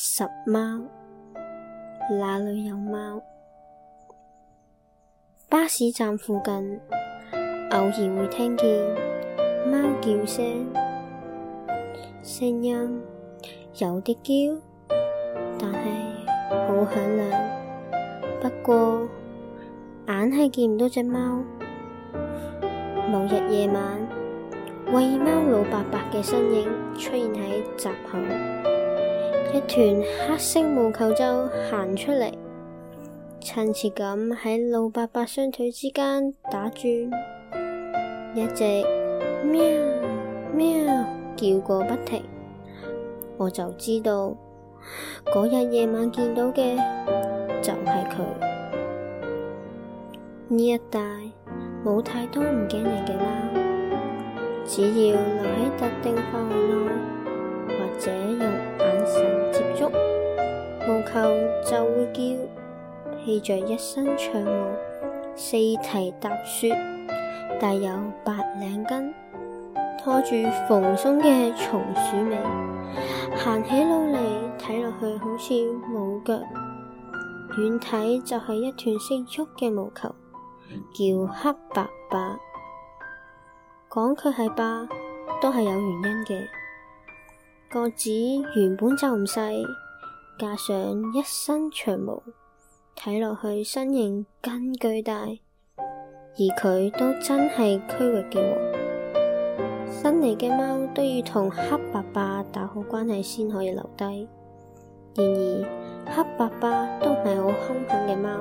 拾貓，那裏有貓？巴士站附近，偶然會聽見貓叫聲，聲音有啲嬌，但係好響亮。不過，硬係見唔到隻貓。某日夜晚，餵貓老伯伯嘅身影出現喺閘口。一團黑色毛球就行出嚟，親切咁喺老伯伯雙腿之間打轉，一直喵喵,喵叫個不停。我就知道，嗰日夜晚見到嘅就係、是、佢。呢一帶冇太多唔驚人嘅啦，只要留喺特定範圍內，或者用。毛球就會叫，披着一身長毛，四蹄踏雪、帶有白領巾、拖住蓬鬆嘅松鼠尾，行起路嚟睇落去好似冇腳，遠睇就係一團色郁嘅毛球，叫黑白白。講佢係霸，都係有原因嘅，個子原本就唔細。加上一身長毛，睇落去身形更巨大，而佢都真係區域嘅王。新嚟嘅貓都要同黑爸爸打好關係先可以留低。然而黑爸爸都唔係好凶狠嘅貓，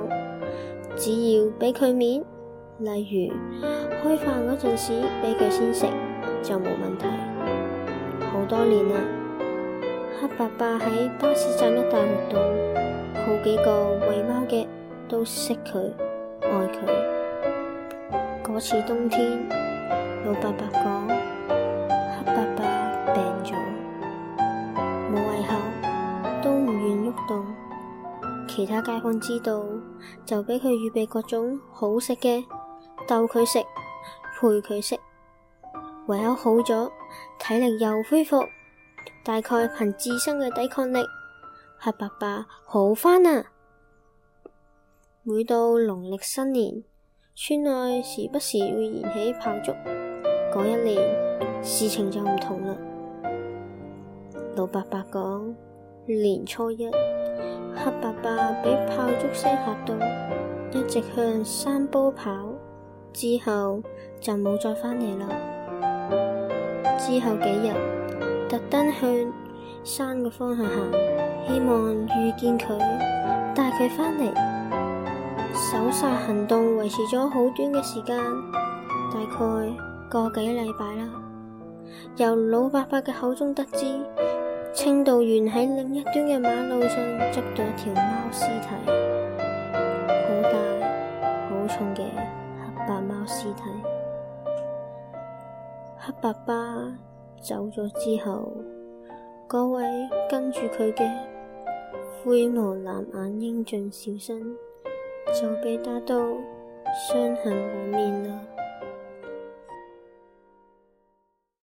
只要俾佢面，例如開飯嗰陣時俾佢先食就冇問題。好多年啦。黑伯伯喺巴士站一帶活動，好幾個餵貓嘅都識佢，愛佢。嗰次冬天，老伯伯講黑伯伯病咗，冇胃口，都唔願喐動。其他街坊知道，就畀佢預備各種好食嘅，逗佢食，陪佢食。唯有好咗，體力又恢復。大概憑自身嘅抵抗力，黑爸爸好返啦，啊。每到農曆新年，村內時不時會燃起炮竹。嗰一年事情就唔同啦。老伯伯講，年初一，黑爸爸俾炮竹聲嚇到，一直向山坡跑，之後就冇再返嚟啦。之後幾日，特登向山嘅方向行，希望遇見佢，帶佢返嚟。搜殺行動維持咗好短嘅時間，大概個幾禮拜啦。由老伯伯嘅口中得知，清道員喺另一端嘅馬路上捉到一條貓屍體，好大好重嘅黑白貓屍體，黑爸爸。走咗之後，嗰位跟住佢嘅灰毛藍眼英俊小生，就被打到傷痕滿面啦。